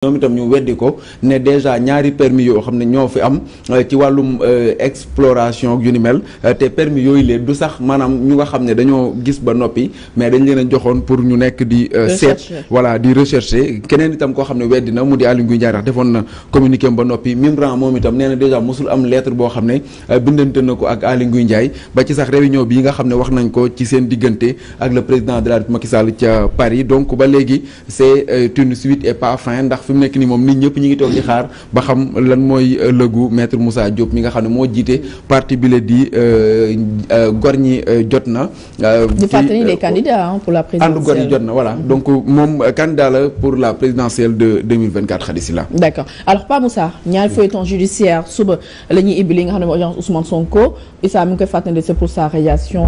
ñoom itam ñu weddi ko ne déjà ñaari permis yoo xam ne ñoo fi am euh, ci wàllum euh, exploration yu ni mel euh, te permis yooyu lee du sax maanaam ñu nga xam ne dañoo gis ba noppi mais dañu leen a joxoon pour ñu nekk di seet wala di rechercher keneen itam koo xam ne weddi na mu di Aly Ngouille ndax defoon na communiqué ba noppi Mimran moom itam nee na déjà mosul am lettre boo xam ne bindante na ko ak Aly njaay ba ci sax réunion bi nga xam ne wax nañ ko ci seen diggante ak le président de la République Macky Sall ca Paris donc ba léegi c'est une suite et ndax fi mu nekk nii moom nit ñëpp ñi ngi toog di xaar ba xam lan mooy euh, lëgu maître Moussa Diop mi nga xam ne moo jiite parti bi la di euh, euh, gor ñi jot na. di fàttali les candidats pour la présidentielle ànd gor ñi jot na voilà mm-hmm. donc moom candidat la pour la présidentielle de 2024 xaddi si la. d'accord alors Pa Moussa ñaari feuilleton judiciaire suba la ibbi li nga xam ne mooy audience Ousmane Sonko Issa mi ngi koy fàttali c'est pour sa radiation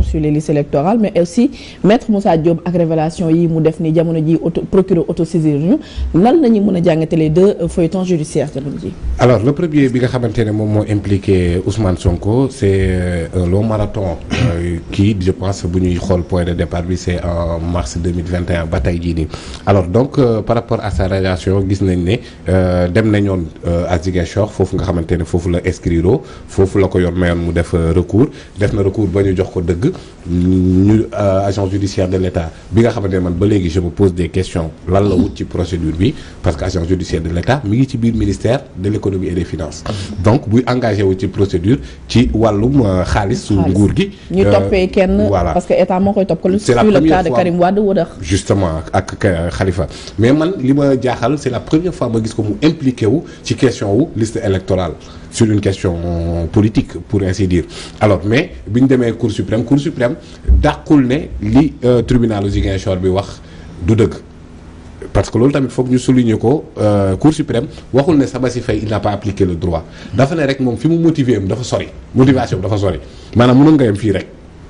ak révélation yi mu def ni jamono ji auto procureur auto saisir ñu lan la mën a jàngate les deux feuilletons judiciaires jamono ji alors le premier bi nga xamante ne moom moo impliqué Ousmane Sonko c'est euh, un long marathon kii euh, je pense bu ñuy xool point de départ bi c'est en mars 2021 ba tey jii nii alors donc euh, par rapport à sa radiation gis nañ ne dem nañoon à Ziguinchor foofu nga xamante ne foofu la inscrire foofu la ko yoon mayoon mu def recours def na recours ba ñu jox ko dëgg ñu Euh, agent judiciaire de l'État bi nga xamante ne man ba léegi je me pose des questions lan la wut ci procédure bi parce que agent judiciaire de l'État mi ngi ci biir ministère de l'économie et des finances donc buy engagé wu ci procédure ci wàllum euh, xaalis su nguur gi ñu euh, toppee kenn voilà parce que état moo koy topp ko c'est la première fois Karim Wade wala justement ak Khalifa mais man li ma jaaxal c'est la première fois ma gis ko mu impliqué wu ci question wu liste électorale sur politique pour ainsi dire mais bi demee Cour suprême nekkul ne li euh, tribunalu Ziguinchor bi wax du dëgg parce que loolu tamit foog ñu souligner ko euh, cour suprême waxul ne Sabassi Faye il n'a pas appliqué le droit dafa ne rek moom fi mu motiver am dafa sori motivation dafa sori maanaam mënoon nga yem fii rek.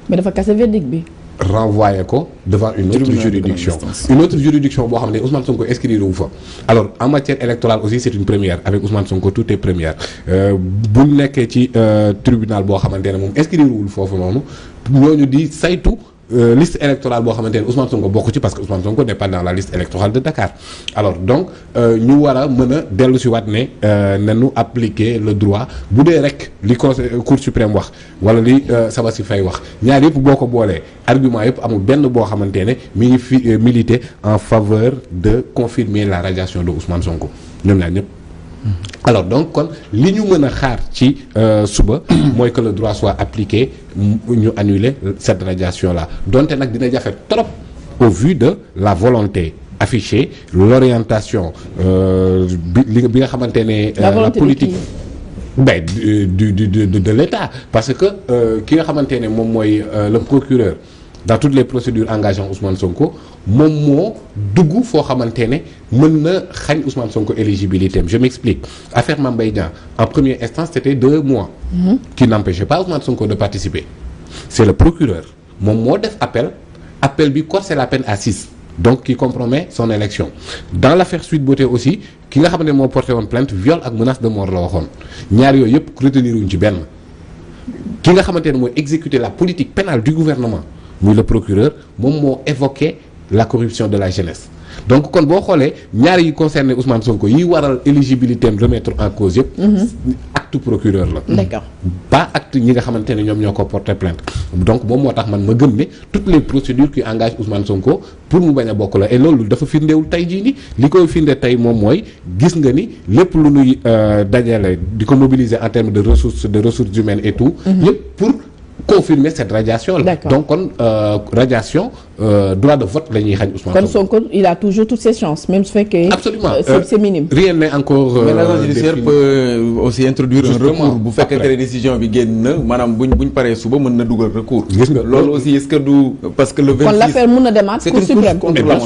mais dafa kase verdict bi. renvoyer ko devant une autre juridiction une autre juridiction boo xam ne Ousmane Sonko inscrire wu fa alors en matière électorale aussi c'est une première avec Ousmane Sonko tout est première euh, bu nekkee ci tribunal boo xamante ne moom inscrire wul foofu noonu Euh, liste électorale boo xamante ne Ousmane Sonko bokk ci parce que Ousmane Sonko n'est pas dans la liste électorale de Dakar alors donc euh, ñu war a mën a dellu si waat ne euh, nanu appliquer le droit bu dee rek li conseil cour suprême wax wala li Sabassi fay wax ñaar yëpp boo ko boolee argument yëpp amul benn boo xamante ne mi ngi fi militer en faveur de confirmer la radiation de Ousmane Sonko ñoom ñaar ñëpp. alors donc kon li ñu mën a xaar ci euh, suba mooy que le droit soit appliqué ñu annuler euh, cette radiation là donte nag dina jafe trop au vu de la volonté affichée l'orientation euh, bi li bi nga xamante ne la politique ben du du de de l'État parce que ki nga xamante ne moom mooy le procureur dans toutes les procédures engageant Ousmane Sonko moom moo dugg foo xamante ne mën na xañ Ousmane Sonko éligibilité je m'explique affaire Mame Mbaye Niang en première instance c'était deux mois mmh. qui n'empêchait pas Ousmane Sonko de participer c'est le procureur moom moo def appel appel bi corse la pen à six donc qui compromet son élection dans l'affaire Sweet Beauté aussi ki nga xamante ne moo porte woon plainte viol ak menace de mort la waxoon ñaar yooyu yëpp retenir benn ki nga xamante ne mooy exécuter la politique pénale du muy le procureur moom moo évoqué la corruption de la jeunesse donc kon boo xoolee ñaar yi concerné Ousmane Sonko yi waral éligibilité am remettre en cause yëpp. Mhm. acte procureur la. d'accord pas ñi nga xamante ne ñoom ñoo ko porté plainte donc moom moo tax man ma gëm ne toutes les procédures qui engagent Ousmane Sonko pour mu bañ a bokk la et loolu dafa firndewul tey jii ni li koy firnde tey moom mooy gis nga ni lépp lu nuy euh, dajale di ko mobiliser en termes de ressources de ressources humaines et mhm. confirmer cette radiation là. donc kon euh, radiation euh, droit de vote la ñuy xañ Ousmane Sonko. kon Sonko il a toujours toutes ses chances même su fekkee. absolument euh, c'est euh, minime. rien n'est encore. Euh, mais aussi introduire un recours bu fekkee ne décision bi génn na maanaam buñ buñ paree suba mën na dugal recours. gis nga loolu aussi est-ce du. parce que le 26 kon l'affaire mën na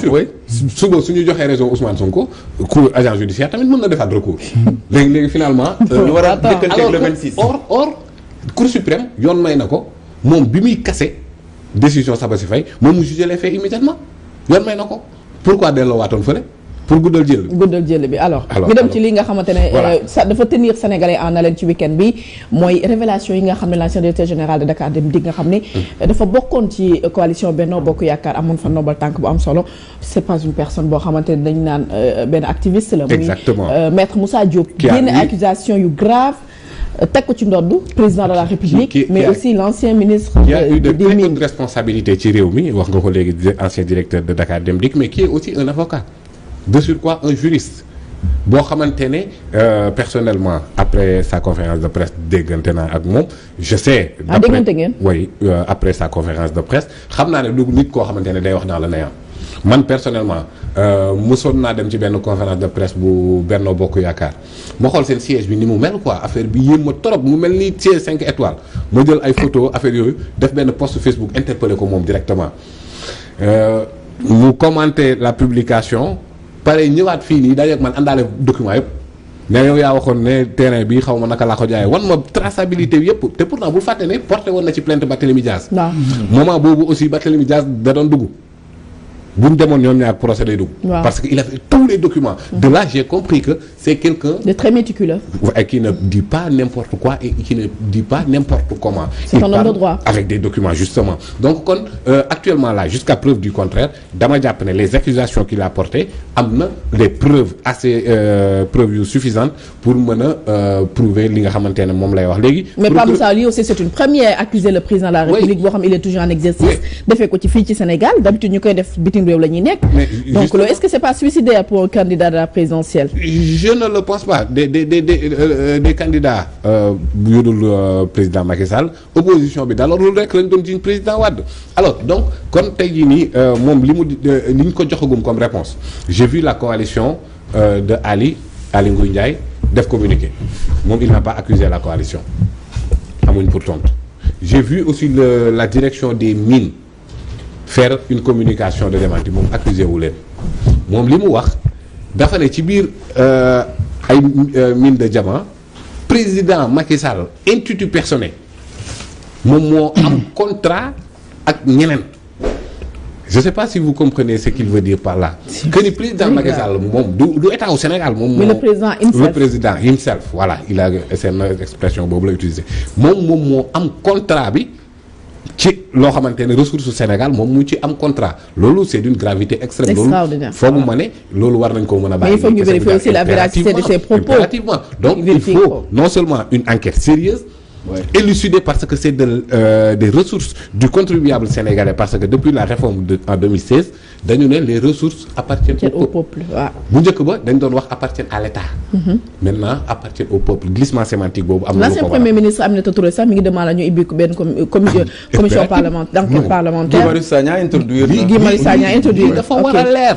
su ñu joxee raison Ousmane Sonko cour agent judiciaire tamit mën na defaat recours. léegi léegi finalement. ñu war a dëkkanteeg le 26 yoon may na ko. moom bi muy kase décision Sabassy Faye moom mu jugé les faits immédiatement yoon may na ko pourquoi delloo waatoon fële pour guddal jël bi guddal jël alors ñu dem ci lii nga xamante ne sa euh, dafa tenir sénégalais en leen ci week-end bi mooy révélation yi nga xam ne l'ancien directeur général de Dakar Dem Dikk nga xam ne hmm. dafa bokkoon ci coalition Benno Bokk Yaakaar amoon fa ndombal tànk bu am solo c'est pas une personne boo xamante ne dañu naan euh, benn activiste la muy euh, maître Moussa Diop génn accusation yu grave teg ko ci ndodd président de la république mais aussi l'ancien ministre qui a eu de très ci réew mi wax nga ko léegi ancien directeur de Dakar Dem Dikk mais qui est aussi un avocat de surcroît un juriste boo xamante ne euh, personnellement après sa conférence de presse déggante naa ak moom je sais. ah déggante ngeen euh, après sa conférence de presse xam naa ne du nit koo xamante ne day wax naa la nayam man personnellement Euh, mosoon naa dem ci benn conférence de presse bu Benno Bokk Yaakaar ma xool seen siège bi ni mu mel quoi affaire bi yéem ma trop mu mel ni siège 5 étoiles ma jël ay photo affaire yooyu def benn post Facebook interpellé ko moom directement euh, mu commenté la publication pare ñëwaat fii nii dajeeg man àndaale document yëpp. ne yow yaa waxoon ne terrain bi xaw ma naka laa ko jaayee wan ma traçabilité bi yëpp te pourtant bul fàtte ne porté woon na ci plainte Barthélémy Dias. waaw moment boobu aussi Barthélémy bu ñu demoon ñoom ñaar procès day dugg. parce que il avait tous les documents. de là j'ai compris que c'est quelqu'un de très méticuleux. et qui ne dit pas n'importe quoi et qui ne dit pas n'importe comment. c'est un homme de droit. avec des documents justement donc kon euh, actuellement là jusqu'à preuve du contraire dama jàpp les accusations qu'il a portées am na les preuves assez euh, preuves yu suffisantes pour mën a euh, prouver li nga xamante ne moom lay wax léegi. mais Pape Moussa lui aussi réew la ñuy nekk. donc loolu est-ce que c'est pas suicidaire pour un candidat de la présidentielle. je ne le pense pas des des des des, euh, euh des candidats. Euh, yu dul euh, président Macky Sall opposition bi daal loolu rek lañ doon jiñ président Wade alors donc kon tey jii nii moom li mu li ñu ko joxagum comme réponse j'ai vu la coalition de Ali Ali Ngouille Ndiaye def communiqué moom il n'a pas accusé la coalition amuñ pour tontu j'ai vu aussi le la direction des mines. faire une communication de démenti moom accusé wu leen moom li mu wax dafa ne ci biir euh, ay euh, mine de diamant président Macky Sall intitut personnel moom moo am contrat ak ñeneen je sais pas si vous comprenez ce qu'il veut dire par là que ni président Macky moom du du état Sénégal moom moo le président himself voilà il a seen expression boobu la utiliser moom moom moo am contrat bi ci loo xamante ne ressource Sénégal moom mu ci am contrat loolu c'est d'une gravité extrême loolu foogu ne loolu war nañ koo mën a bàyyi mais il ñu vérifier aussi la donc il faut non seulement une enquête sérieuse élucidé parce que c'est de euh, des ressources du contribuable sénégalais parce que depuis la réforme de en dañu ne les ressources appartiennent au peuple bu njëkk ba dañ doon wax appartiennent à l'État mhm. maintenant appartiennent au peuple glissement sémantique boobu am na l'ancien premier ministre Aminata Touré sax ñu ibbi benn euh, commission ah, parlementaire d'enquête parlementaire Guy Marius Sagna introduire dafa war a leer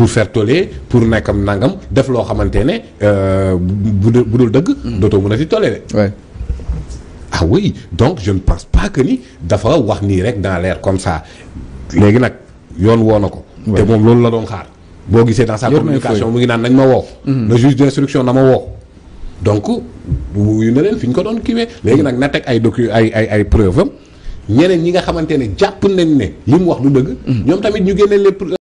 pour faire tollé pour nekkam nangam def loo xamante ne euh, bu bu dul dëgg. Hmm. dootoo mën a ci tollé de. ah oui donc je ne pense pas que ni dafa wax nii rek dans l'air comme ça léegi nag yoon woo na ko. te moom loolu la doon xaar. boo gisee dans sa communication mu ngi naan nañ ma woo. Hmm. le juge d'instruction na ma woo. donc wuyu na leen fi ñu ko doon kiiwee. léegi nag na teg ay docu ay ay ay preuve am ñeneen ñi nga xamante ne jàpp nañ ne li mu wax du dëgg. Hmm. ñoom tamit ñu génne